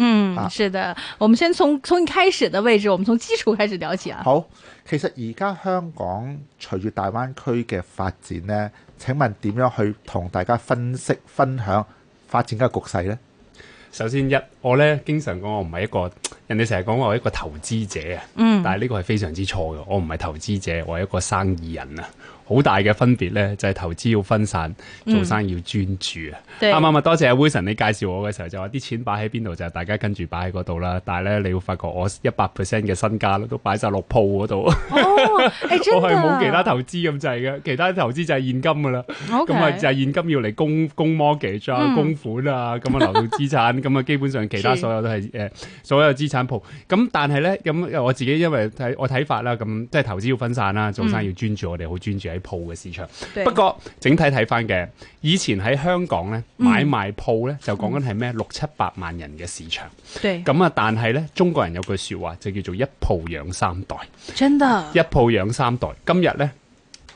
嗯，啊、是的，我們先從從一開始的位置，我們從基礎開始聊起啊。好，其實而家香港隨住大灣區嘅發展呢，請問點樣去同大家分析分享發展嘅局勢呢？首先一，我呢經常講我唔係一個人哋成日講我一個投資者啊，嗯，但係呢個係非常之錯嘅，我唔係投資者，我係一個生意人啊。好大嘅分別咧，就係、是、投資要分散，做生意要專注啊！啱啱啊？多謝阿 Wilson，你介紹我嘅時候就話啲錢擺喺邊度，就係、就是、大家跟住擺喺嗰度啦。但係咧，你會發覺我一百 percent 嘅身家都擺晒落鋪嗰度。我係冇其他投資咁滯嘅，其他投資就係現金㗎啦。咁啊 Okay 就係現金要嚟供供 mortgage 啊、供款啊，咁啊流動資產。咁啊 基本上其他所有都係是所有資產鋪。咁但係咧咁，我自己因為睇我睇法啦，咁即係投資要分散啦，做生意要專注，嗯、我哋好專注喺鋪嘅市場，對不過整體睇翻嘅，以前喺香港呢，買賣鋪呢，嗯、就講緊係咩六七百萬人嘅市場，咁對啊，但係呢，中國人有句說話就叫做一鋪養三代，真嘅的一鋪養三代。今日呢，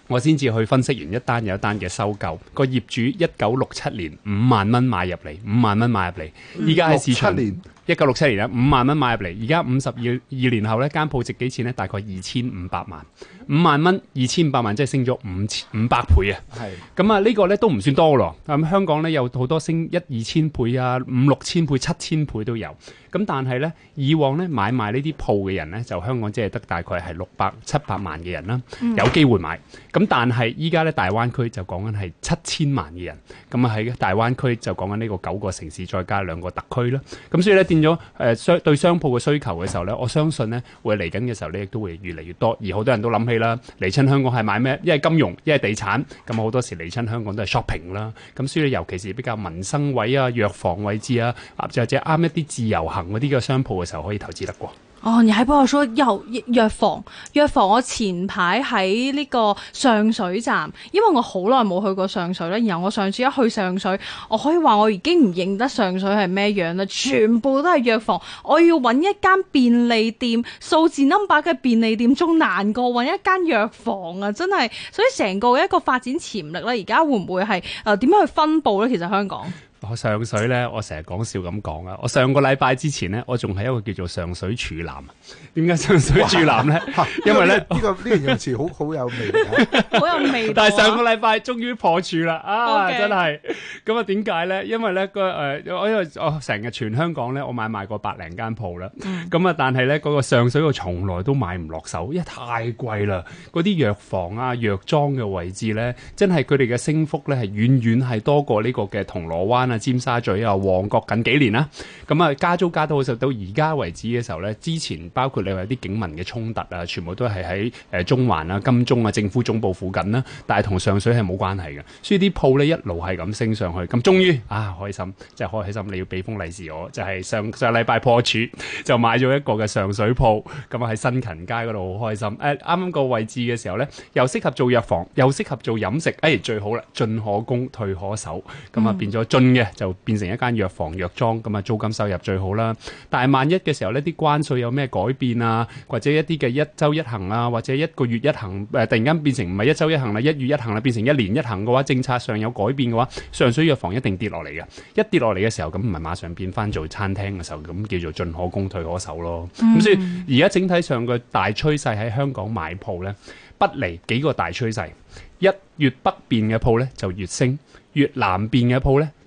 我先至去分析完一單又一單嘅收購，個業主一九、嗯、六七年五萬蚊買入嚟，五萬蚊買入嚟，依家係七年。一九六七年啦，五萬蚊買入嚟，而家五十二二年後呢，間鋪值幾錢呢？大概二千五百萬，五萬蚊二千五百萬，即係升咗五千五百倍啊！係咁啊，咁樣呢個呢都唔算多咯。咁、嗯、香港呢有好多升一二千倍啊，五六千倍、七千倍都有。咁但係咧，以往咧買賣呢啲鋪嘅人咧，就香港即係得大概係六百七百萬嘅人啦，嗯、有機會買。咁但係依家咧，大灣區就講緊係七千萬嘅人。咁啊喺大灣區就講緊呢個九個城市再加兩個特區啦。咁所以咧變咗誒商對商鋪嘅需求嘅時候咧，我相信咧會嚟緊嘅時候咧亦都會越嚟越多。而好多人都諗起啦，嚟親香港係買咩？一係金融，一係地產。咁好多時嚟親香港都係 shopping 啦。咁所以呢，尤其是比較民生位啊、藥房位置啊，或者啱一啲自由行。我啲嘅商鋪嘅時候可以投資得過哦？你喺鋪頭，又藥房、藥房。我前排喺呢個上水站，因為我好耐冇去過上水啦。然後我上次一去上水，我可以話我已經唔認得上水係咩樣啦，全部都係藥房。我要揾一間便利店，數字 number 嘅便利店仲難過揾一間藥房啊！真係，所以成個一個發展潛力呢，而家會唔會係誒點樣去分布呢？其實香港。我上水咧，我成日講笑咁講啊！我上個禮拜之前咧，我仲係一個叫做上水處男啊！點解上水處男咧？哇因為咧呢個呢、這個用詞 好好有味，好有味。 但係上個禮拜終於破處啦！啊，Okay. 真係咁啊！點解咧？因為咧個誒，因為我成日全香港咧，我買賣過百零間鋪啦。咁啊，但係咧嗰個上水我從來都買唔落手，因為太貴啦。嗰啲藥房啊、藥莊嘅位置咧，真係佢哋嘅升幅咧係遠遠係多過呢個嘅銅鑼灣啊！尖沙咀啊，旺角近幾年啦，咁、嗯、啊加租加到好受，到而家為止嘅時候呢，之前包括你話啲警民嘅衝突啊，全部都係喺誒中環啊、金鐘啊、政府總部附近啦、啊，但係同上水係冇關係嘅，所以啲鋪呢一路係咁升上去。咁終於啊，開心即係開心，你要俾封利是我，就係、是、上上禮拜破處就買咗一個嘅上水鋪，咁啊喺新勤街嗰度好開心。誒啱啱個位置嘅時候呢，又適合做藥房，又適合做飲食，誒最好啦，進可攻退可守，咁啊變咗進。嘅就變成一間藥房藥莊咁啊，租金收入最好啦。但係萬一嘅時候咧，呢啲關稅有咩改變啊，或者一啲嘅一周一行啊，或者一個月一行，誒，突然間變成唔係一周一行啦，一月一行啦，變成一年一行嘅話，政策上有改變嘅話，上水藥房一定跌落嚟嘅。一跌落嚟嘅時候，咁唔係馬上變翻做餐廳嘅時候，咁叫做進可攻退可守咯。咁所以而家整體上嘅大趨勢喺香港買鋪咧，不離幾個大趨勢，一越北邊嘅鋪咧就越升，越南邊嘅鋪咧。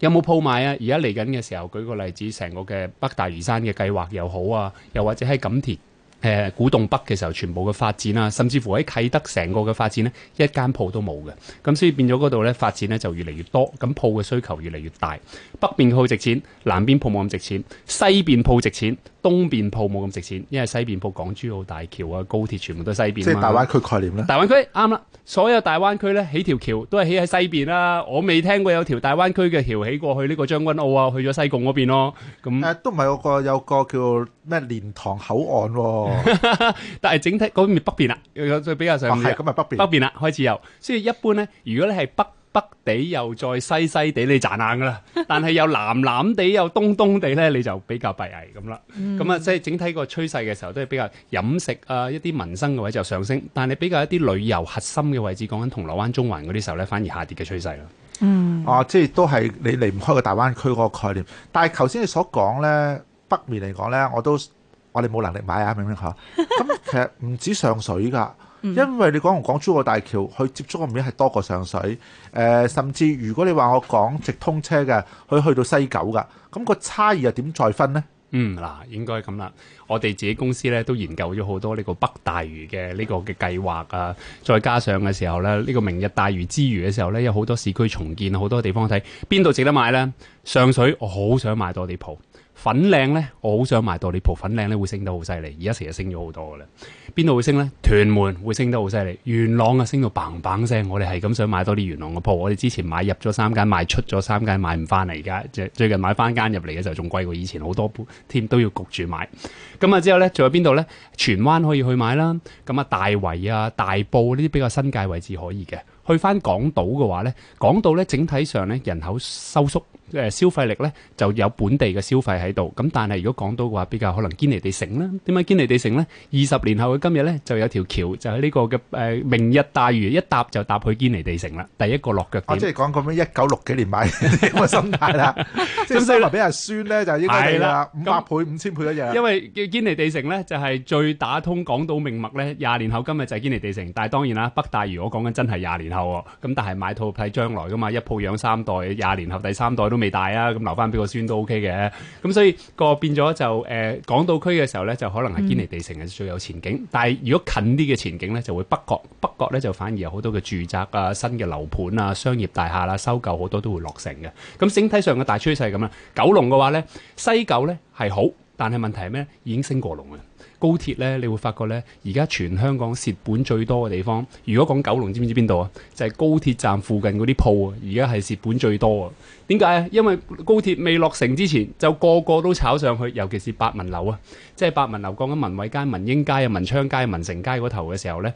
有冇鋪賣啊？而家嚟緊嘅時候，舉個例子，成個嘅北大嶼山嘅計劃又好啊，又或者喺錦田。誒古洞北嘅時候，全部嘅發展啊，甚至乎喺啟德成個嘅發展呢，一間鋪都冇嘅。咁所以變咗嗰度呢，發展咧就越嚟越多，咁鋪嘅需求越嚟越大。北邊鋪值錢，南邊鋪冇咁值錢，西邊鋪值錢，東邊鋪冇咁值錢，因為西邊鋪港珠澳大橋啊、高鐵全部都西邊嘛。即係大灣區概念咧。大灣區啱啦，所有大灣區咧起條橋都係起喺西邊啦、啊。我未聽過有條大灣區嘅橋起過去呢個將軍澳啊，去咗西貢嗰邊咯。咁都唔係有個有個叫咩蓮塘口岸喎、啊？ 但係整體嗰邊北邊啦，有比較上咁，哦、北邊啦，開始有。所以一般咧，如果你係北北地又再西西地，你賺硬噶啦。 但係又南南地又東東地咧，你就比較閉翳咁啦。咁啊，嗯嗯嗯，即係整體個趨勢嘅時候，都係比較飲食啊，一啲民生嘅位置就上升，但係比較一啲旅遊核心嘅位置，講緊銅鑼灣中環嗰啲時候咧，反而下跌嘅趨勢啦。嗯，啊，即係都係你離唔開個大灣區嗰個概念。但係頭先你所講咧，北面嚟講咧，我都。我哋冇能力買啊，明唔明嚇？咁 其實唔止上水㗎， 因為你講我講珠澳大橋，佢接觸嘅面係多過上水，呃。甚至如果你話我講直通車嘅，佢去到西九㗎，咁個差異又點再分呢？嗯，嗱，應該咁啦。我哋自己公司咧都研究咗好多呢個北大嶼嘅呢個嘅計劃啊，再加上嘅時候咧，呢個明日大嶼之餘嘅時候咧，有好多市區重建，好多地方睇邊度值得買呢？上水我好想買多啲鋪。粉嶺咧，我好想買多啲鋪。粉嶺咧會升得好犀利，而家成日升咗好多噶啦。邊度會升咧？屯門會升得好犀利，元朗啊升到砰砰聲。我哋係咁想買多啲元朗嘅鋪。我哋之前買入咗三間，賣出咗三間，買唔翻嚟。而家最最近買翻間入嚟嘅就仲貴過以前，好多鋪添都要焗住買。咁啊之後咧，仲有邊度咧？荃灣可以去買啦。咁啊大圍啊大埔啊呢啲比較新界位置可以嘅。去翻港島嘅話咧，港島咧整體上咧人口收縮。誒消費力咧就有本地嘅消費喺度，咁但係如果講到嘅話，比較可能堅尼地城啦。點解堅尼地城咧？二十年後嘅今日咧，就有條橋就係呢個嘅誒明日大嶼一搭就搭去堅尼地城啦。第一個落腳點。我即係講咁樣一九六幾年買嘅心態啦，咁所以俾人酸咧就應該係啦，五百倍五千倍一樣。因為堅尼地城咧就係最打通港島命脈咧，廿年後今日就係堅尼地城。但係當然啦，北大嶼我講緊真係廿年後喎，咁但係買套睇將來噶嘛，一鋪養三代，廿年後第三代都未。大啊，咁留翻俾個孫都 OK 嘅，咁所以個變咗就誒、呃，港島區嘅時候呢，就可能係堅尼地城係最有前景，嗯、但係如果近啲嘅前景呢，就會北角，北角呢，就反而有好多嘅住宅啊、新嘅樓盤啊、商業大廈啦、啊，收購好多都會落成嘅，咁整體上嘅大趨勢係咁啦。九龍嘅話呢，西九呢係好，但係問題係咩？已經升過龍啊！高鐵呢，你會發覺呢，而家全香港蝕本最多嘅地方，如果講九龍，知唔知邊度啊？就係、是、高鐵站附近嗰啲鋪啊，而家係蝕本最多啊。點解啊？因為高鐵未落成之前，就個個都炒上去，尤其是八文樓啊，即係八文樓，講緊文惠街、文英街啊、文昌街、文成街嗰頭嘅時候呢。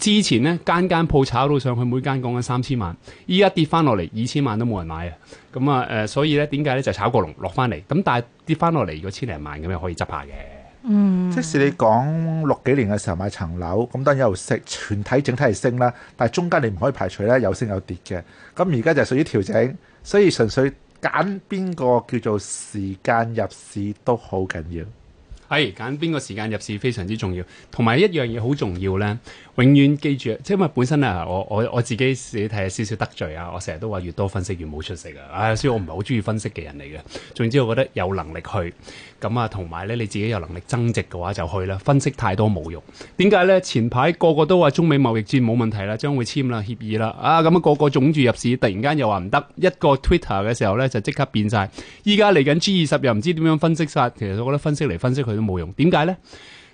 之前呢，間間鋪炒到上去，每間講緊三千萬，依家跌翻落嚟二千萬都冇人買啊。咁啊，誒，所以呢，點解呢？就炒過龍落翻嚟。咁但係跌翻落嚟，如果千零萬咁樣可以執下嘅。嗯，即使你講六幾年嘅時候買層樓，咁當然又升，全體整體係升啦。但係中間你唔可以排除咧有升有跌嘅。咁而家就係屬於調整，所以純粹揀邊個叫做時間入市都好緊要。係揀邊個時間入市非常之重要，同埋一樣嘢好重要咧，永遠記住，即係因為本身啊，我我我自己自己睇下少少得罪啊。我成日都話越多分析越冇出息啊、哎，所以我唔係好中意分析嘅人嚟嘅。總之我覺得有能力去。咁啊，同埋咧，你自己有能力增值嘅話就去啦，分析太多冇用。點解呢？前排個個都話中美貿易戰冇問題啦，將會簽啦協議啦。啊，咁啊個個總住入市，突然間又話唔得，一個 Twitter 嘅時候呢，就即刻變晒。依家嚟緊 G 二十又唔知點樣分析晒，其實我覺得分析嚟分析去都冇用。點解呢？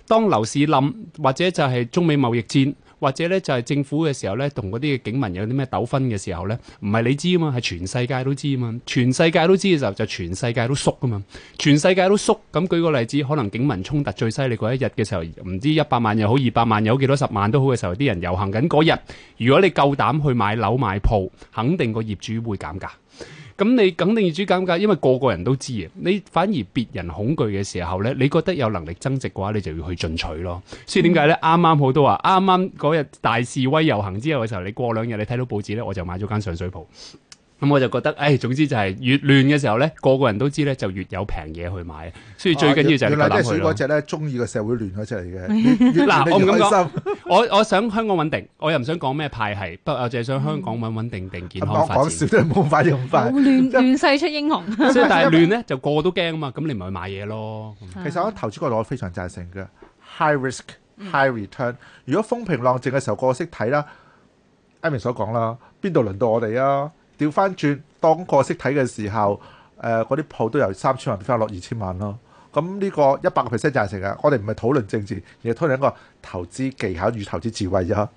當樓市冧或者就係中美貿易戰。或者咧就係、是，政府嘅時候咧，同嗰啲警民有啲咩糾紛嘅時候咧，唔係你知啊嘛，係全世界都知啊嘛，全世界都知嘅時候就全世界都縮啊嘛，全世界都縮。咁舉個例子，可能警民衝突最犀利嗰一日嘅時候，唔知一百萬又好，二百萬又好，幾多十萬都好嘅時候，啲人遊行緊嗰日，如果你夠膽去買樓買鋪，肯定個業主會減價。咁你肯定要最尷尬，因為個個人都知，你反而別人恐懼嘅時候咧，你覺得有能力增值嘅話，你就要去進取咯。所以點解咧？啱啱好多話，啱啱嗰日大示威遊行之後嘅時候，你過兩日你睇到報紙咧，我就買咗間上水鋪。咁我就覺得，誒，總之就係越亂嘅時候咧，個個人都知咧，就越有平嘢去買，所以最緊要就係去揀佢咯。原來即係選嗰隻咧，中意個社會亂咗出嚟嘅。嗱，我唔敢講，我我想香港穩定，我又唔想講咩派系，不過我淨係想香港穩穩定定健康發展。講笑都冇法用法。好亂，亂世出英雄。所以但係亂咧，就個個都驚啊嘛，咁你咪買嘢咯。其實我投資角度非常贊成嘅，high risk high return。如果風平浪靜嘅時候，個個識睇啦，阿明所講啦，邊度輪到我哋啊？調翻轉當個識睇嘅時候，誒，嗰啲鋪都由三千萬變翻落二千萬咯。咁呢個一百、就是、個 percent 贊成啊！我哋唔係討論政治，而係討論一個投資技巧與投資智慧啫。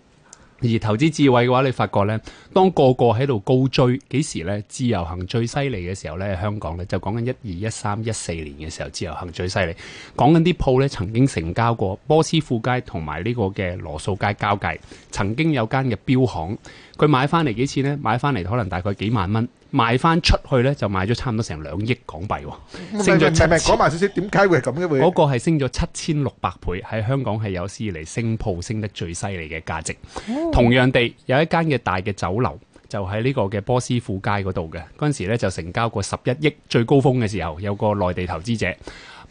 而投資智慧嘅話，你發覺呢？當個個喺度高追幾時呢？自由行最犀利嘅時候呢？香港呢，就講緊一二一三一四年嘅時候，自由行最犀利。講緊啲鋪呢，曾經成交過波斯富街同埋呢個嘅羅素街交界，曾經有間嘅錶行，佢買翻嚟幾錢呢？買翻嚟可能大概幾萬蚊。賣翻出去呢，就賣咗差唔多成兩億港幣喎。先是再請問咪講埋少少，點解會係咁嘅會？嗰個係升咗七千六百倍，喺香港係有史以嚟升鋪升得最犀利嘅價值。哦、同樣地，有一間嘅大嘅酒樓，就喺呢個嘅波斯富街嗰度嘅嗰陣時咧，就成交過十一億，最高峰嘅時候有個內地投資者。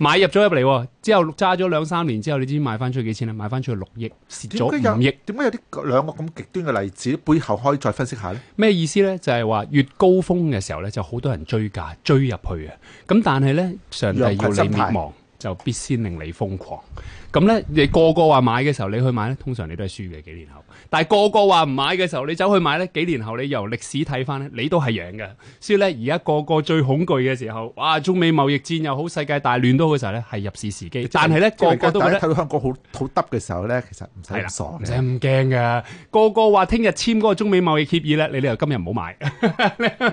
買入咗入嚟，之後揸咗兩三年之後，你知唔知賣翻出去幾錢咧？賣翻出去六億，蝕咗五億。點解有啲兩個咁極端嘅例子，背後可以再分析下呢？咩意思呢？就係話越高峰嘅時候呢，就好多人追價追入去啊。咁但係呢，上帝要你滅亡，就必先令你瘋狂。咁咧，你個個話買嘅時候，你去買咧，通常你都係輸嘅。幾年後，但係個個話唔買嘅時候，你走去買咧，幾年後你由歷史睇翻咧，你都係贏嘅。所以咧，而家個個最恐懼嘅時候，哇，中美貿易戰又好，世界大亂都好嘅時候咧，係入市時機。但係咧，個個都覺得睇到香港好好耷嘅時候咧，其實唔使咁傻嘅。唔使咁驚㗎，個個話聽日簽嗰個中美貿易協議咧，你咧就今日唔好買，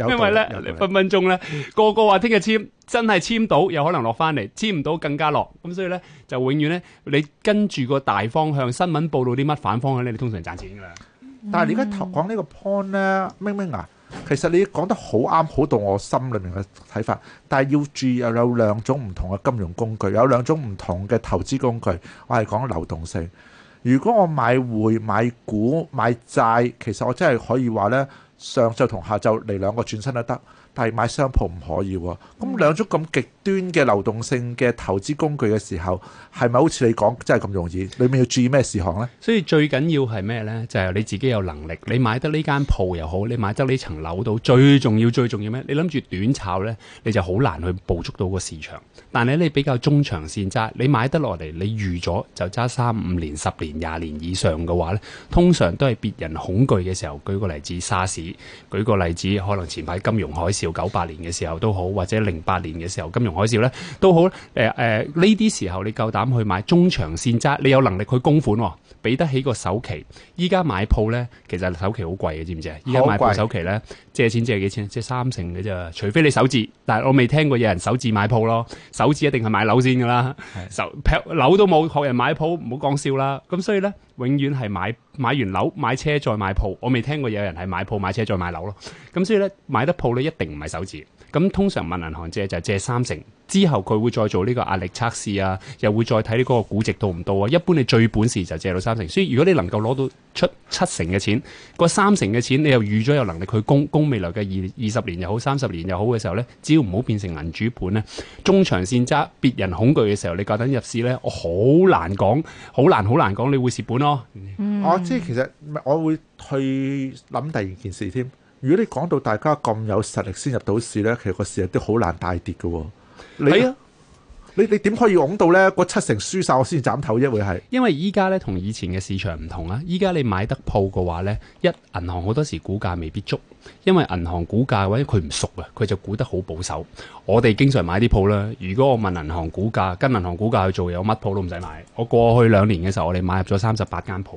因為咧分分鐘咧，個個話聽日簽真係簽到，有可能落翻嚟；簽唔到更加落。咁所以咧，就永遠咧。你跟住個大方向，新聞報道啲乜反方向咧，你通常賺錢㗎。嗯，但係而家講呢個 point 咧，明明啊，其實你講得好啱，好到我心裏面嘅睇法。但係要注意又有兩種唔同嘅金融工具，有兩種唔同嘅投資工具。我係講流動性。如果我買匯、買股、買債，其實我真係可以話咧，上晝同下晝嚟兩個轉身都得。但係買商鋪唔可以喎。咁兩種咁極端嘅流動性嘅投資工具嘅時候，係咪好似你講真係咁容易？你咪要注意咩事項咧？所以最緊要係咩咧？就係你自己有能力，你買得呢間鋪又好，你買得呢層樓都最重要。最重要咩？你諗住短炒咧，你就好難去捕捉到個市場，但係你比較中長線揸，你買得落嚟，你預咗就揸三五年、十年、廿年以上嘅話咧，通常都係別人恐懼嘅時候。舉個例子沙士，舉個例子，可能前排金融海嘯九八年嘅時候都好，或者零八年嘅時候金融。海嘯咧都好，誒誒呢啲時候你夠膽去買中長線揸，你有能力去供款、哦，俾得起個首期。依家買鋪咧，其實首期好貴嘅，知唔知啊？依家買鋪首期咧，貴借錢借幾錢？借三成嘅啫，除非你首置。但係我未聽過有人首置買鋪咯，首置一定係買樓先㗎啦。首劈的樓都冇學人買鋪，唔好講笑啦。咁所以咧，永遠係買買完樓買車再買鋪。我未聽過有人係買鋪買車再買樓咯。咁所以咧，買得鋪咧一定唔係首置。咁通常問銀行借就借三成，之後佢會再做呢個壓力測試啊，又會再睇呢個估值到唔到啊。一般你最本事就借到三成，所以如果你能夠攞到出七成嘅錢，個三成嘅錢你又預咗有能力去供供未來嘅二二十年又好，三十年又好嘅時候呢，只要唔好變成銀主盤咧，中長線揸別人恐懼嘅時候，你夠得入市呢，我好難講，好難好難講，你會蝕本咯。嗯，我即係其實我會去諗第二件事添。如果你講到大家咁有實力先入到市咧，其實個市都好難大跌嘅。你啊，你你點可以講到咧？嗰七成輸晒我先斬頭啫，會係。因為依家咧同以前嘅市場唔同啊！依家你買得鋪嘅話咧，一銀行好多時估價未必足。因為銀行估價或者佢唔熟啊，佢就估得好保守。我哋經常買啲鋪啦。如果我問銀行估價，跟銀行估價去做，我乜鋪都唔使買。我過去兩年嘅時候，我哋買入咗三十八間鋪。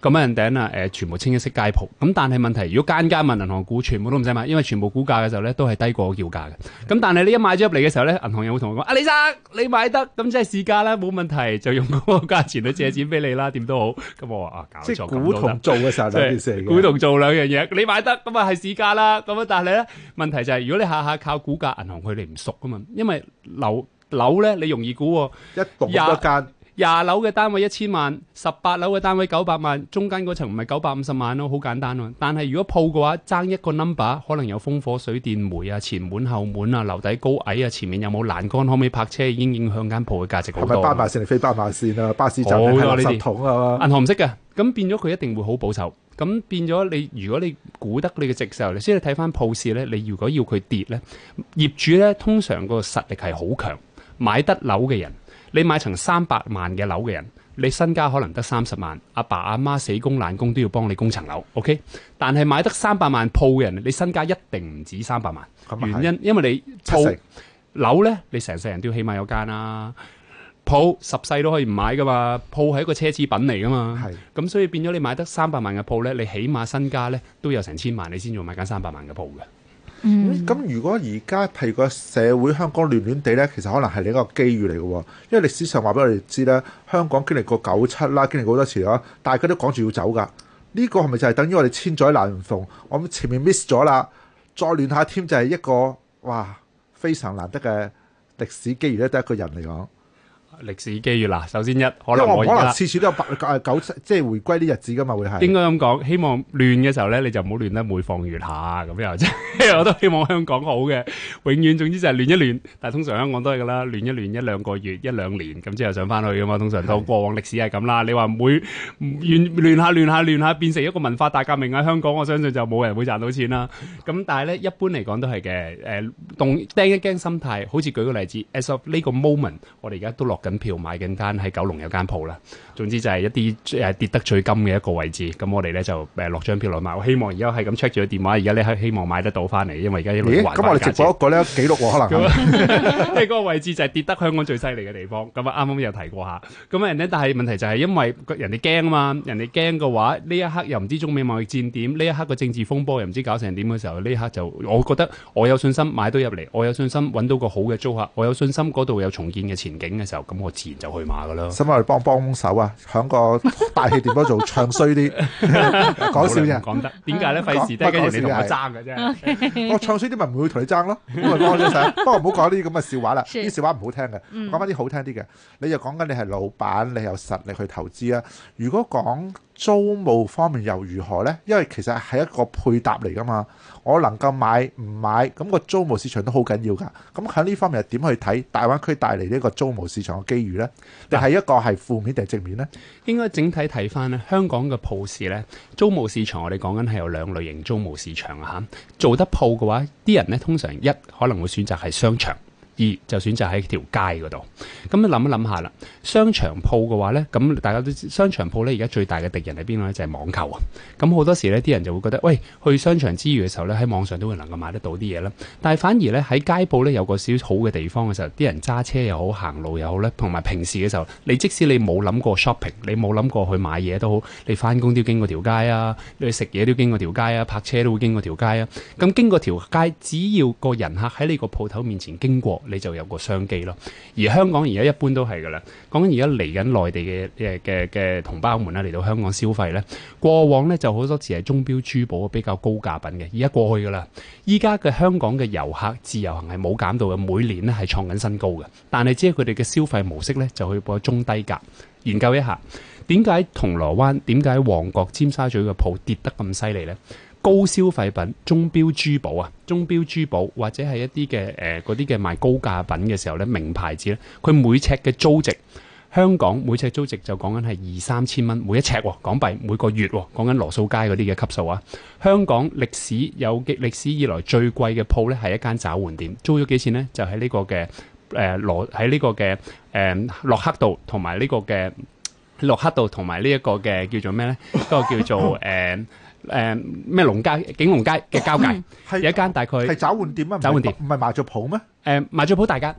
咁啊，人頂啊，誒，全部清一色街鋪。咁但係問題是，如果間間問銀行估，全部都唔使買，因為全部估價嘅時候咧，都係低過叫價嘅。咁的但係你一買咗入嚟嘅時候咧，銀行又會同我講：的啊，李生，你買得，咁即係市價啦，冇問題，就用嗰個價錢去借錢俾你啦，點都 好。咁我話啊，搞錯咁同估計 做嘅時候就變成估同做兩樣嘢。你買得，咁啊係依家啦，咁但係咧，問題就係、是、如果你下下靠估價銀行佢哋唔熟㗎嘛，因為樓樓咧你容易估，一棟幾多間廿樓嘅單位一千萬，十八樓嘅單位九百萬，中間嗰層唔係九百五十萬咯，好簡單咯、啊。但係如果鋪嘅話，爭一個 number 可能有風火水電煤啊，前門後門啊，樓底高矮啊，前面有冇欄杆可唔可以泊車，已經影響間鋪嘅價值好多。係咪斑馬線非斑馬線啊？巴士站鋪啊呢啲。銀行唔識嘅，咁變咗佢一定會好保守。咁變咗你，如果你估得你嘅值嘅時候，所以睇翻鋪市咧，你如果要佢跌咧，業主咧通常個實力係好強，買得樓嘅人。你買層三百萬嘅樓嘅人，你身家可能得三十萬，阿爸阿媽死供爛供，都要幫你供層樓，OK？但係買得三百萬鋪嘅人，你身家一定唔止三百萬。原因，因為你鋪樓世呢，你成世人都要起碼有間啦。鋪十世都可以唔買噶嘛？鋪係一個奢侈品嚟噶嘛？咁是所以變咗你買得三百萬嘅鋪呢，你起碼身家呢都有成千萬，你才萬的的，你先要買間三百萬嘅鋪嘅。咁、嗯、如果而家譬如個社會香港亂亂地呢，其實可能係另一個機遇嚟嘅喎。因為歷史上話俾我哋知呢，香港經歷過九七啦，經歷過好多次啦，大家都趕住要走噶。呢、呢個係咪就係等於我哋千載難逢？我前面 miss 咗啦，再亂下添，就係一個哇非常難得嘅歷史機遇咧，得一個人嚟講。歷史機遇嗱，首先一可能我可能次次都有八九，即係回歸啲日子㗎嘛，會係應該咁講，希望亂嘅時候咧你就唔好亂得每放月下咁樣，即係我都希望香港好嘅，永遠總之就係亂一亂，但係通常香港都係㗎啦，亂一亂一兩個月一兩年咁之後上翻去㗎嘛，通常都過往歷史係咁啦。你話每亂亂下亂下亂下變成一個文化大革命喺，香港我相信就冇人會賺到錢啦。咁但係咧一般嚟講都係嘅，誒，動釘一驚心態，好似舉個例子，As of 呢個 moment，我哋而家都落緊。票買緊單喺九龍有間鋪啦，總之就係一啲，誒，跌得最金嘅一個位置，咁我哋咧就，誒，落張票落買，我希望而家係咁 check 住個電話，而家咧係希望買得到翻嚟，因為而家一路還翻緊。咁嚟直播一個咧記錄喎，我可能即係嗰個位置就係跌得香港最犀利嘅地方。咁啊，啱啱有提過下，咁啊人呢，但係問題就係因為人哋驚啊嘛，人哋驚嘅話，呢一刻又唔知中美貿易戰點，呢一刻個政治風波又唔知搞成點嘅時候，呢一刻就我覺得我有信心買到入嚟，我有信心搵到個好嘅租客，我有信心嗰度有重建嘅前景嘅時候咁。我自然就去馬噶啦，使咪嚟幫幫手啊！響個大氣點樣做，唱衰啲，講笑啫，講得點解咧？費事都係跟住你同我爭嘅啫。不 Okay. 我唱衰啲，咪唔會同你爭咯、 啊。不過唔好講呢啲咁嘅笑話啦。啲， 笑話唔好聽嘅，講翻啲好聽啲嘅。你又講緊你係老闆，你有實力去投資啊？如果講。租務方面又如何呢？因為其實係一個配搭嚟噶嘛，我能夠買唔買咁個租務市場都好緊要噶。咁喺呢方面又點去睇大灣區帶嚟呢個租務市場嘅機遇呢？咧？係一個係負面定係正面呢，啊？應該整體睇翻咧，香港嘅鋪市呢。租務市場我哋講緊係有兩類型租務市場啊，做得鋪嘅話，啲人呢通常一可能會選擇係商場。就選擇喺條街嗰度。咁你諗一諗下啦，商場鋪嘅話呢，咁大家都知商場鋪呢，而家最大嘅敵人係邊個呢？就係網購啊！咁好多時呢啲人就會覺得，喂，去商場之餘嘅時候呢，喺網上都會能夠買得到啲嘢啦。但係反而呢，喺街鋪呢，有個少少好嘅地方嘅時候，啲人揸車又好，行路又好呢，同埋平時嘅時候，你即使你冇諗過 shopping，你冇諗過去買嘢都好，你翻工都要經過條街啊，你食嘢都要經過條街啊，泊車都會經過條街啊。咁經過條街，只要個人客喺你個鋪頭面前經過。你就有個商機咯，而香港而家一般都係噶啦。講緊而家嚟緊內地嘅嘅嘅同胞們嚟到香港消費咧，過往咧就好多次係鐘錶珠寶比較高價品嘅，而家過去噶啦。依家嘅香港嘅遊客自由行係冇減到嘅，每年咧係創緊新高嘅，但係即係佢哋嘅消費模式咧就去過中低價。研究一下點解銅鑼灣，點解旺角、尖沙咀嘅鋪跌得咁犀利咧？高消費品、鐘錶珠寶啊，鐘錶珠寶或者係一啲嘅誒嗰啲嘅賣高價品嘅時候咧，名牌子咧，佢每尺嘅租值，香港每尺租值就講緊係二三千蚊，每一尺、哦、港幣每個月、哦，講緊羅素街嗰啲嘅級數啊。香港歷史有嘅歷史以來最貴嘅鋪咧，係一間找換店，租咗幾錢呢？就喺呢個嘅誒羅喺呢個嘅誒、呃呃、洛克道同埋呢個嘅洛克道同埋呢一個嘅叫做咩呢？嗰、嗰個叫做誒。呃誒咩龍街，景龍街嘅交界，有、嗯、一間大概係找換店啊！找換店唔係麻雀鋪咩？誒麻雀鋪大間，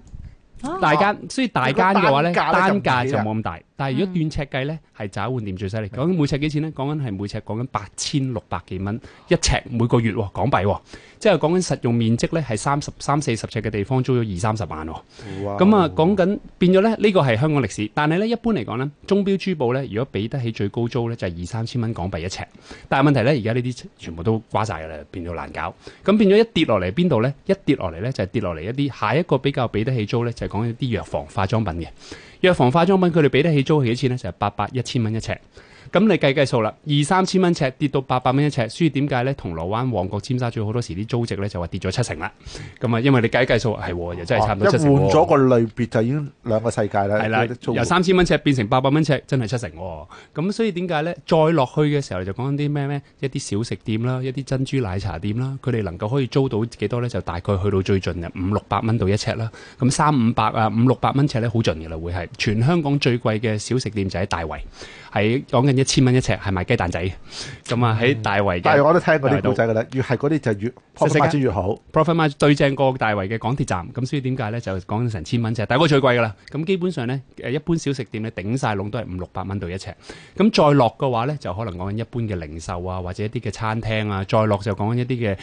啊、大間，所以大間嘅話咧，單價呢、單價就冇咁大。但係如果斷尺計咧，係、嗯、找換店最犀利。講緊每尺幾錢咧？講緊係每尺講緊八千六百幾蚊一尺，每個月喎，港幣喎，即係講緊實用面積咧，係三十三四十尺嘅地方，租咗二三十萬喎。咁啊講緊變咗咧，呢個係香港歷史。但係咧一般嚟講咧，鐘錶珠寶咧，如果俾得起最高租咧，就係二三千蚊港幣一尺。但係問題咧，而家呢啲全部都瓜晒㗎喇，變到難搞。咁變咗一跌落嚟邊度咧？一跌落嚟咧就係跌落嚟一啲下一個比較俾得起租咧，就係講緊啲藥房化妝品嘅。藥房化妝品，佢哋俾得起租幾多錢咧，就係八百一千蚊一尺。咁你計計數啦，二三千蚊尺跌到八百蚊一尺，所以點解呢？銅鑼灣、旺角、尖沙咀好多時啲租值呢就話跌咗七成啦。咁啊，因為你計計數係，又真係差唔多七成，啊。一換咗個類別就已經兩個世界啦。的由三千蚊尺變成八百蚊尺，真係七成。咁所以點解呢？再落去嘅時候就講緊啲咩呢？一啲小食店啦，一啲珍珠奶茶店啦，佢哋能夠可以租到幾多呢？就大概去到最盡五六百蚊到一尺啦。咁三五百啊，五六百蚊尺呢，好盡嘅啦，會係全香港最貴嘅小食店就喺大圍。係講緊一千蚊一尺，係賣雞蛋仔咁啊！喺、嗯嗯、大圍，但係我都聽過啲報仔嘅啦，越係嗰啲就越 profit margin 越好。profit margin 對正過大圍嘅港鐵站，咁所以點解咧就講緊成千蚊尺，但係嗰個最貴噶啦。咁基本上咧，誒一般小食店咧頂晒籠都係五六百蚊到一尺。咁再落嘅話咧，就可能講緊一般嘅零售啊，或者一啲嘅餐廳啊，再落就講緊一啲嘅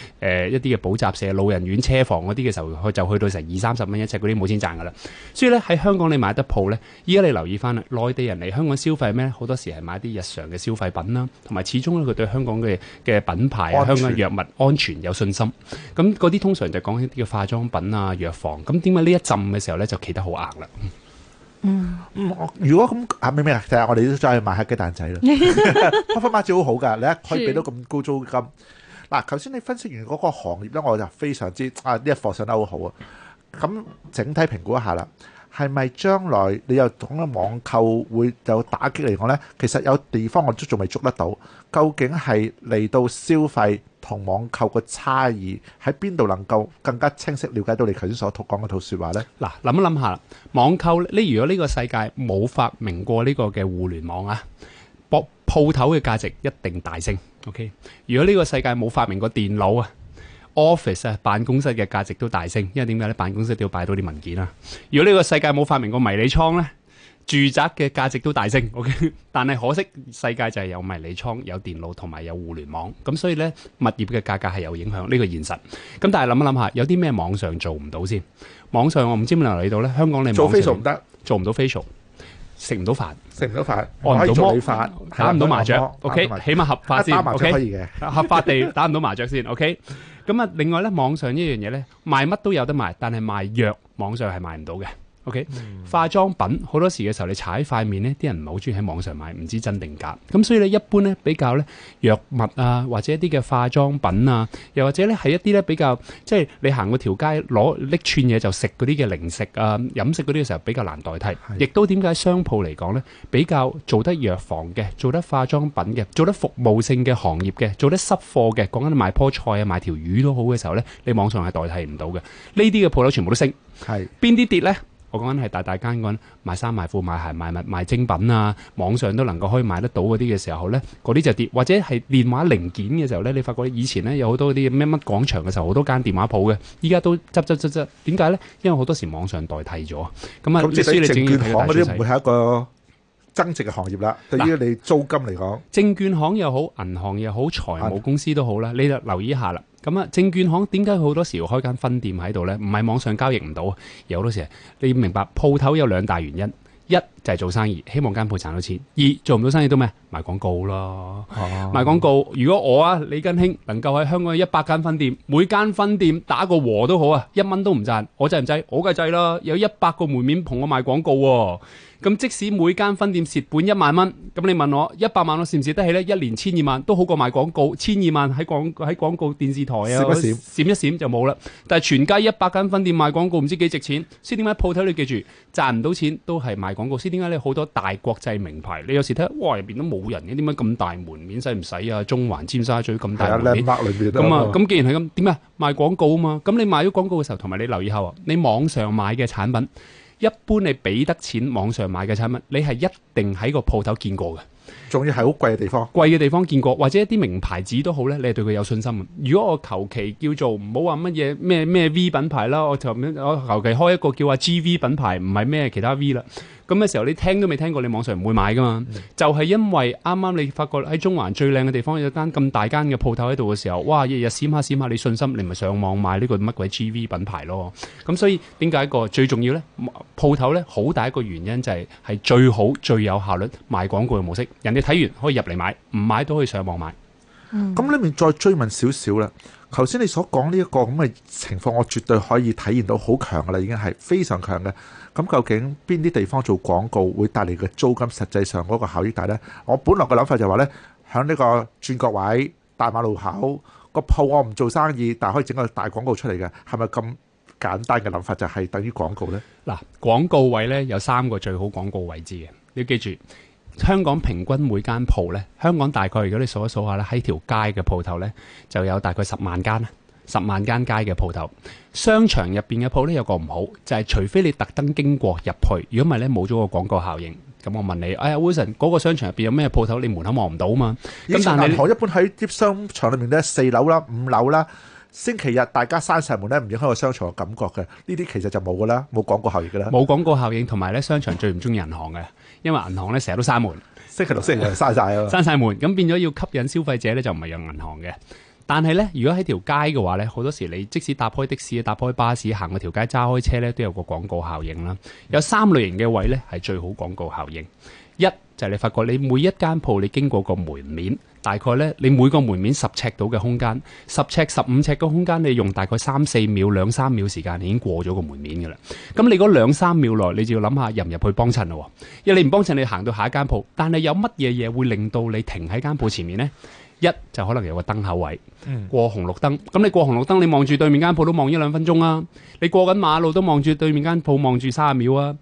誒一啲嘅補習社、老人院、車房嗰啲嘅時候，去就去到成二三十蚊一尺嗰啲冇錢賺噶啦。所以咧喺香港你買得鋪咧，依家你留意翻啦，內地人嚟香港消費咩？好多。時係買啲日常嘅消費品啦，同埋始終咧，佢對香港嘅嘅品牌、安全，香港藥物安全有信心。咁嗰啲通常就講起啲嘅化妝品啊、藥房。咁點解呢一浸嘅時候咧就企得好硬啦？嗯，嗯，我如果咁啊咩咩啊，明明明明我哋都走去買黑雞蛋仔啦。鋪翻馬子好好噶，你可以俾到咁高租金。嗱，係，頭先你分析完嗰個行業咧，我就非常之啊呢一課上得好好啊。咁整體評估一下啦。係咪將來你又講緊網購會有打擊嚟講咧？其實有地方我都仲未捉得到，究竟係嚟到消費同網購個差異喺邊度，能夠更加清晰瞭解到你頭先所講嗰套説話咧？嗱，諗一諗下啦，網購你如果呢個世界冇發明過呢個嘅互聯網啊，鋪鋪頭嘅價值一定大升。OK，如果呢個世界冇發明過電腦啊？office 啊，辦公室嘅價值都大升，因為點解咧？辦公室都要擺多啲文件啦、啊。如果呢個世界冇發明過迷你倉咧，住宅嘅價值都大升。O、okay? K，但係可惜世界就係有迷你倉、有電腦同埋有互聯網，咁所以咧，物業嘅價格係有影響，呢、這個現實。咁但係諗一諗下，有啲咩網上做唔到先？網上我唔知咪嚟到咧。香港你做 facial 唔得，做唔到 facial，食唔到飯，食唔到飯，按唔到摩，打唔到麻雀。的 o okay? K，、okay? 起碼合法先。可以嘅，okay? 合法地打唔到麻雀先。O K。咁啊，另外咧，網上這呢樣嘢咧，賣乜都有得賣，但係賣藥，網上係賣唔到嘅。O Okay ? K，、嗯、化妝品好多時嘅時候，你踩塊面呢啲人唔係好中意喺網上買，唔知真定假。咁所以咧，一般咧比較咧藥物啊，或者一啲嘅化妝品啊，又或者咧係一啲咧比較即係你行過條街攞拎串嘢就食嗰啲嘅零食啊、飲食嗰啲嘅時候，比較難代替。亦的都點解商鋪嚟講咧，比較做得藥房嘅、做得化妝品嘅、做得服務性嘅行業嘅、做得濕貨嘅，講緊買棵菜啊、買條魚都好嘅時候咧，你網上係代替唔到嘅。呢啲嘅鋪頭全部都升，係邊啲的跌咧？我講緊係大大間個買衫買褲買鞋買物買精品啊，網上都能夠可以買得到嗰啲嘅時候咧，嗰啲就跌，或者係電話零件嘅時候咧，你發覺以前咧有好多嗰啲咩乜廣場嘅時候好多間電話鋪嘅依家都執執執執，點解咧？因為好多時網上代替咗，咁啊，即係你堅強嗰啲唔會係一個。增值嘅行業啦，對於你租金嚟講，證券行又好，銀行又好，財務公司都好啦，呢你就留意一下啦。咁啊，證券行點解好多時候開間分店喺度呢？唔係網上交易唔到啊，而好多時候你要明白鋪頭有兩大原因：一就係、是、做生意，希望間鋪賺到錢；二做唔到生意都咩？賣廣告咯，啊、賣廣告。如果我啊李根興能夠喺香港一百間分店，每間分店打個和都好啊，一蚊都唔賺，我制唔制？我梗係制啦，有一百個門面同我賣廣告。咁即使每間分店蝕本一萬蚊，咁你問我一百萬我蝕唔蝕得起呢？一年千二萬都好過賣廣告，千二萬喺廣喺廣告電視台啊，閃一閃就冇啦。但係全街一百間分店賣廣告，唔知幾值錢。所以點解鋪頭你記住賺唔到錢都係賣廣告。所以點解你好多大國際名牌，你有時睇哇入邊都冇人嘅，點解咁大門面使唔使啊？中環尖沙咀咁大嘅門面，咁啊咁，麼的既然係咁，點啊賣廣告啊嘛。咁你賣咗廣告嘅時候，同埋你留意下啊，你網上買嘅產品。一般你畀得錢網上買嘅產品，你係一定喺個鋪頭見過嘅。仲要喺好貴嘅地方，貴嘅地方見過，或者一啲名牌子都好呢，你係對佢有信心。如果我求其叫做唔好話乜嘢咩咩 V 品牌啦，我求求其開一個叫啊 GV 品牌，唔係咩其他 V 啦。咁嘅時候你聽都未聽過，你網上唔會買噶嘛。是的就係因為啱啱你發覺喺中環最靚嘅地方有一間咁大間嘅鋪頭喺度嘅時候，哇！日日閃下閃下，你信心你咪上網買呢個乜鬼 GV 品牌咯。咁所以點解一個最重要呢？鋪頭呢，好大一個原因就係、是、係最好最有效率賣廣告嘅模式。你睇完可以入嚟買，唔買都可以上網買。嗯。咁呢邊再追問少少啦。頭先你所講呢一個咁嘅情況，我絕對可以體驗到好強噶啦，已經係非常強嘅。咁究竟邊啲地方做廣告會帶嚟嘅租金，實際上嗰個效益大呢？我本來嘅諗法就係話呢：響呢個轉角位，大馬路口，個鋪，我唔做生意，但係可以整個大廣告出嚟嘅，係咪咁簡單嘅諗法就係等於廣告呢。嗱，廣告位呢，有三個最好廣告位置嘅，你要記住。香港平均每間店鋪呢，香港大概如果你數一數下咧，喺條街嘅鋪頭呢，就有大概十萬間，十萬間街嘅鋪頭。商場入邊嘅鋪呢，有個唔好，就係除非你特登經過入去，如果唔係呢，冇咗個廣告效應。咁我問你，哎呀，Wilson 嗰個商場入邊有咩鋪頭？你門口望唔到啊嘛。以前銀行一般喺啲商場裏面呢，四樓啦、五樓啦，星期日大家閂晒門呢，唔影響個商場嘅感覺嘅。呢啲其實就冇噶啦，冇廣告效應噶啦。冇廣告效應，同埋呢，商場最唔中意銀行嘅。因為銀行咧成日都閂門，星期六星期日閂晒咯，閂晒門，咁變咗要吸引消費者咧就唔係用銀行嘅，但係咧，如果喺條街嘅話咧，好多時候你即使搭開的士、搭開巴士行個條街揸開車咧都有個廣告效應啦。嗯、有三類型嘅位咧係最好廣告效應。一就係、是、你發覺你每一間鋪你經過個門面，大概呢，你每個門面十尺到嘅空間，十尺十五尺嘅空間，你用大概三四秒、兩三秒時間已經過咗個門面㗎喇。咁你嗰兩三秒內，你就要諗下入唔入去幫襯咯。因為你唔幫襯，你行到下一間鋪。但係有乜嘢嘢會令到你停喺間鋪前面呢？一就可能有個燈口位，過紅綠燈。咁你過紅綠燈，你望住對面間鋪都望一兩分鐘啊。你過緊馬路都望住對面間鋪望住三十秒啊。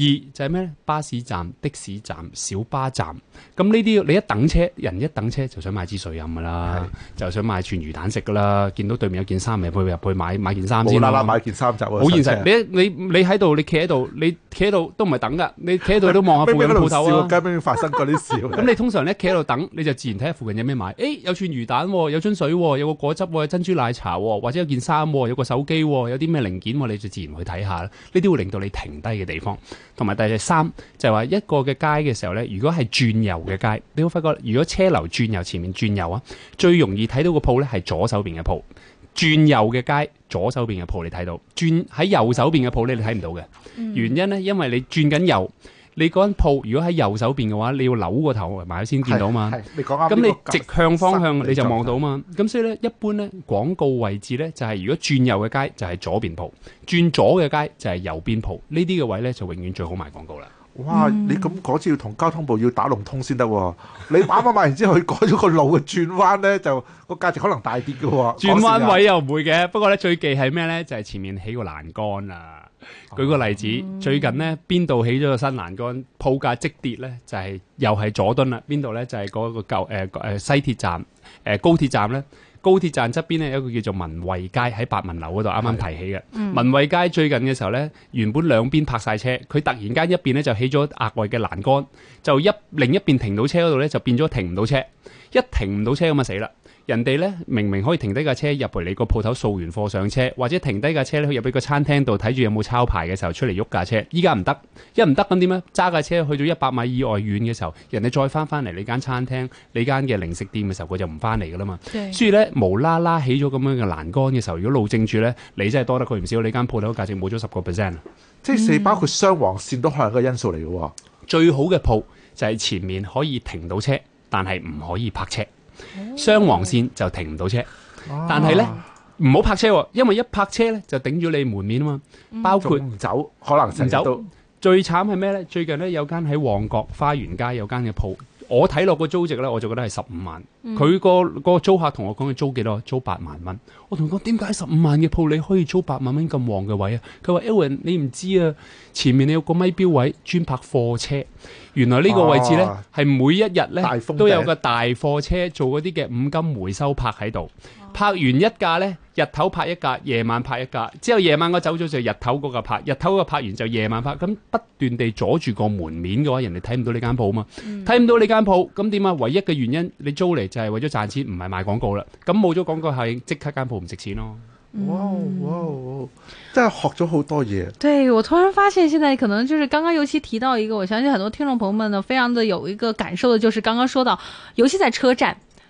二就係咩？巴士站、的士站、小巴站，咁呢啲你一等車，人一等車就想買支水飲噶啦，是的 就想買串魚蛋食噶啦。見到對面有件衫，咪入去買買件衫先、啊、啦，啦。無啦啦買件衫就，好現實。你喺度，你企喺度，你企喺度都唔係等噶，你企喺度都望下附近鋪頭，街邊發生過啲事。咁 你通常咧企喺度等，你就自然睇下附近有咩買、 哎。有串魚蛋、啊，有樽水、啊，有個果汁、啊，果汁啊、珍珠奶茶、啊，或者有件衫、啊，有個手機、啊，有啲咩零件、啊，你就自然去睇下。呢啲會令到你停低嘅地方。同埋第第三就話、是、一個嘅街嘅時候呢，如果係轉右嘅街，你會發覺如果車流轉右，前面轉右啊，最容易睇到個鋪呢係左手邊嘅鋪。轉右嘅街左手邊嘅鋪你睇到，轉喺右手邊嘅鋪你睇唔到嘅、嗯、原因呢，因為你轉緊右。你嗰間鋪，如果喺右手邊嘅話，你要扭個頭埋先見到嘛。咁你，你直向方向你就望到嘛。咁、嗯、所以咧，一般咧廣告位置咧就係、是、如果轉右嘅街就係左邊鋪，轉左嘅街就係右邊鋪。這些呢啲嘅位咧就永遠最好賣廣告啦。嗯、哇！你咁嗰次要同交通部要打龍通先得喎。 你擺擺擺完之後，佢改咗個路嘅轉彎咧，就個價值可能大啲嘅喎。轉彎位又唔會嘅， 不過咧最忌係咩咧？就係、是、前面起個欄杆啊！舉個例子，哦嗯、最近呢邊度起咗個新欄杆，鋪價即跌呢就係、是、又係佐敦啦。邊度呢就係、是、嗰個舊誒誒、呃、西鐵站誒、呃、高鐵站呢，高鐵站側邊呢，有一個叫做文惠街喺白文樓嗰度啱啱提起嘅的、嗯、文惠街，最近嘅時候呢，原本兩邊泊晒車，佢突然間一邊呢就起咗額外嘅欄杆，就一另一邊停到車嗰度呢，就變咗停唔到車，一停唔到車咁啊死啦！人哋咧明明可以停低架車入嚟你個鋪頭掃完貨上車，或者停低架車咧去入邊個餐廳度睇住有冇抄牌嘅時候出嚟喐架車，依家唔得，一唔得咁點咧？揸架車去到一百米以外遠嘅時候，人哋再翻翻嚟你間餐廳、你間嘅零食店嘅時候，佢就唔翻嚟噶啦嘛。的所以咧無啦啦起咗咁樣嘅欄杆嘅時候，如果路政署咧，你真係多得佢唔少，你間鋪頭嘅價值冇咗十個 percent。即係包括雙黃線都係一個因素嚟嘅。嗯、最好嘅鋪就係前面可以停到車，但係唔可以泊車。雙黃線就停唔到車，哦啊、但係呢，唔好泊車、啊，因為一泊車呢，就頂住你門面啊嘛。包括唔走可能行走，走嗯、最慘係咩呢？最近呢，有間喺旺角花園街有間嘅鋪，我睇落個租值呢，我就覺得係十五萬。佢個、嗯那個租客同我講佢租幾多少，租八萬蚊。我同佢講點解十五萬嘅鋪你可以租八萬蚊咁旺嘅位啊？佢話 Alan 你唔知啊，前面你有個咪錶位專泊貨車。原來呢個位置呢，係、啊、每一日呢大風，都有個大貨車做嗰啲嘅五金回收拍喺度，拍完一架呢，日頭拍一架，夜晚拍一架，之後夜晚我走咗就日頭嗰架拍，日頭嗰架拍完就夜晚拍，咁不斷地阻住個門面嘅話，人哋睇唔到呢間鋪嘛，睇唔、嗯、到呢間鋪咁點啊？唯一嘅原因，你租嚟就係為咗賺錢，唔係賣廣告啦。咁冇咗廣告係，即刻間鋪唔值錢咯。哇哦，哇哦！真的學了好多嘢。嗯，對，我突然發現，現在可能就是剛剛，尤其提到一個，我相信很多聽眾朋友們呢，非常的有一個感受的，就是剛剛說到，尤其在車站。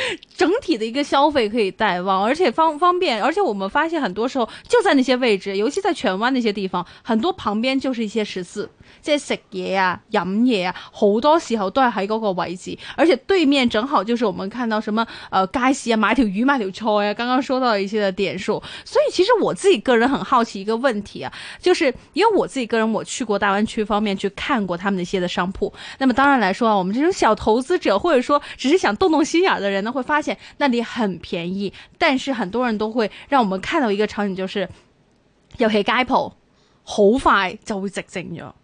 整體的一個消費可以帶旺，而且方方便，而且我們發現很多時候就在那些位置，尤其在荃灣那些地方，很多旁邊就是一些食肆。即係食嘢啊、飲嘢啊，好多時候都係喺嗰個位置，而且對面正好就是我們看到什麼呃、街市啊，買條魚、買條菜啊。剛剛說到一些的點數，所以其實我自己個人很好奇一個問題啊，就是因為我自己個人我去過大灣區方面去看過他們的一些的商鋪，那麼當然來說啊，我們這種小投資者或者說只是想動動心眼的人呢，會發現那裏很便宜，但是很多人都會讓我們看到一個場景，就是有些街鋪好快就會直靜咗。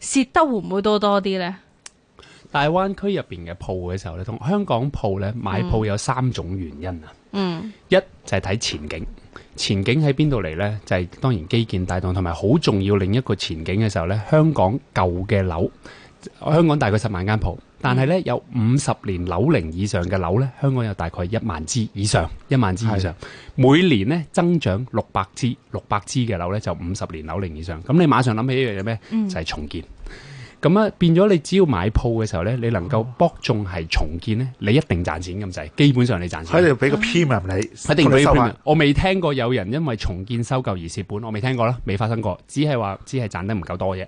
蝕得會唔會多多啲呢？大灣區入邊嘅鋪嘅時候咧，同香港鋪咧買鋪有三種原因啊。嗯，一就係睇前景，前景喺邊度嚟呢？就係當然基建帶動，同埋好重要另一個前景嘅時候呢，香港舊嘅樓，香港大概十萬間鋪。但係咧，有五十年樓齡以上嘅樓咧，香港有大概一萬支以上，一萬支以上，是的 每年咧增長六百支，六百支嘅樓咧就五十年樓齡以上。咁你馬上諗起一樣嘢咩？就係、是、重建。嗯咁啊，變咗你只要買鋪嘅時候咧，你能夠博仲係重建咧，你一定賺錢咁滯。基本上你賺錢。喺度俾個批文、um、你，一定、um、我未聽過有人因為重建收購而蝕本，我未聽過啦，未發生過。只係話，只係賺得唔夠多啫。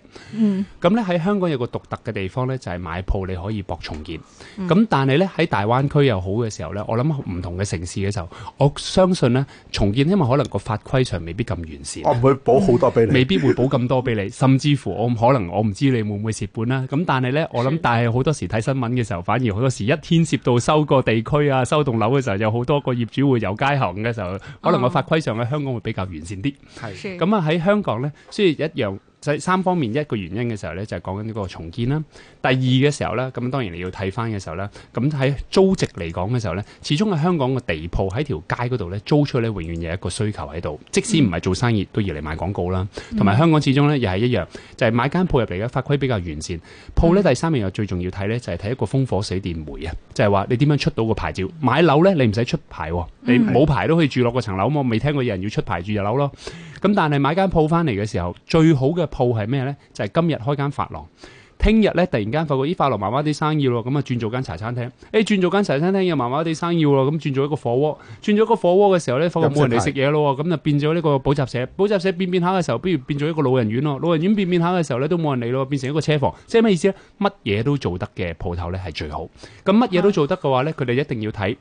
咁咧喺香港有個獨特嘅地方咧，就係、是、買鋪你可以博重建。咁、嗯、但係咧喺大灣區又好嘅時候咧，我諗唔同嘅城市嘅時候，我相信咧重建因為可能個法規上未必咁完善。我唔會補好多俾你，未必會補咁多俾你，甚至乎我可能我唔知你會唔會本啦，咁但係呢，我諗的但係好多時睇新聞嘅時候，反而好多時一牽涉到收個地區啊、收棟樓嘅時候，有好多個業主會遊街行嘅時候，可能個法規上咧，香港會比較完善啲。係的，咁啊喺香港呢，雖然一樣。三方面一個原因嘅時候呢，就係、是、講緊呢個重建啦。第二嘅時候呢，咁當然你要睇翻嘅時候呢，咁喺租值嚟講嘅時候呢，始終係香港嘅地鋪喺條街嗰度呢，租出去呢永遠有一個需求喺度。即使唔係做生意，嗯、都要嚟賣廣告啦。同埋、嗯、香港始終呢，又係一樣，就係、是、買間鋪入嚟嘅法規比較完善。鋪呢，嗯、第三樣又最重要睇呢，就係、是、睇一個風火水電煤啊！就係、是、話你點樣出到個牌照？買樓呢，你唔使出牌、喔，你冇牌都可以住落個層樓嘛。我未聽過有人要出牌住入樓咯。咁但係買間鋪翻嚟嘅時候，最好嘅鋪係咩呢？就係今日開間髮廊，聽日呢突然間發覺咦，髮廊麻麻地生意咯，咁啊轉做間茶餐廳，誒轉做間茶餐廳又麻麻地生意咯，咁轉做一個火鍋，轉咗個火鍋嘅時候呢，發覺冇人嚟食嘢咯，咁就變咗呢個補習社，補習社變變下嘅時候，不如變咗一個老人院咯，老人院變變下嘅時候呢，都冇人嚟咯，變成一個車房，即係咩意思呢？乜嘢都做得嘅鋪頭呢係最好，咁乜嘢都做得嘅話呢，佢哋一定要睇。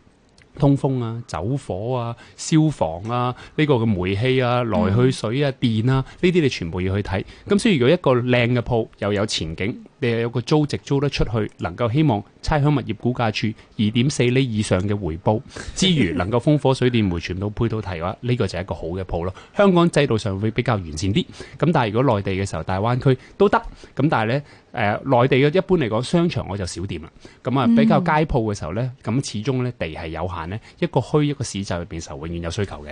通風啊、走火啊、消防啊、呢個嘅煤氣啊、來去水啊、電啊，呢啲你全部要去睇。咁所以如果一個靚嘅鋪又有前景。有個租值租得出去，能夠希望差餉物業估價處二點四厘以上嘅回報之餘，能夠風火水電煤全到配套題嘅呢個就係一個好嘅鋪咯。香港制度上會比較完善啲，咁但係如果內地嘅時候，大灣區都得咁，但係呢，誒、呃，內地嘅一般嚟講商場我就少掂啦。咁啊，比較街鋪嘅時候呢，咁、嗯、始終地係有限呢一個墟一個市就入邊時候永遠有需求嘅。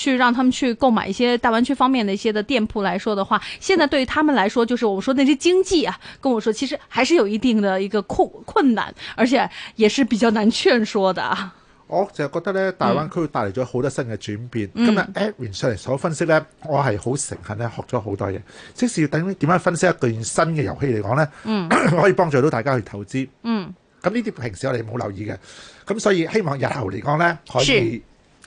去讓他們去購買一些大灣區方面的一些的店鋪來說的話，現在對於他們來說，就是我們說那些經濟啊，跟我說其實還是有一定的一個困困難，而且也是比較難勸說的。我就覺得呢，大灣區帶嚟咗好多新嘅轉變。嗯嗯、今日 Edwin 上嚟所分析呢，我係好誠懇咧學咗好多嘢，即使等於點樣分析一段新嘅遊戲嚟講呢，嗯， 可以幫助到大家去投資，嗯，咁呢啲平時我哋冇留意嘅，咁所以希望日後嚟講呢，可以。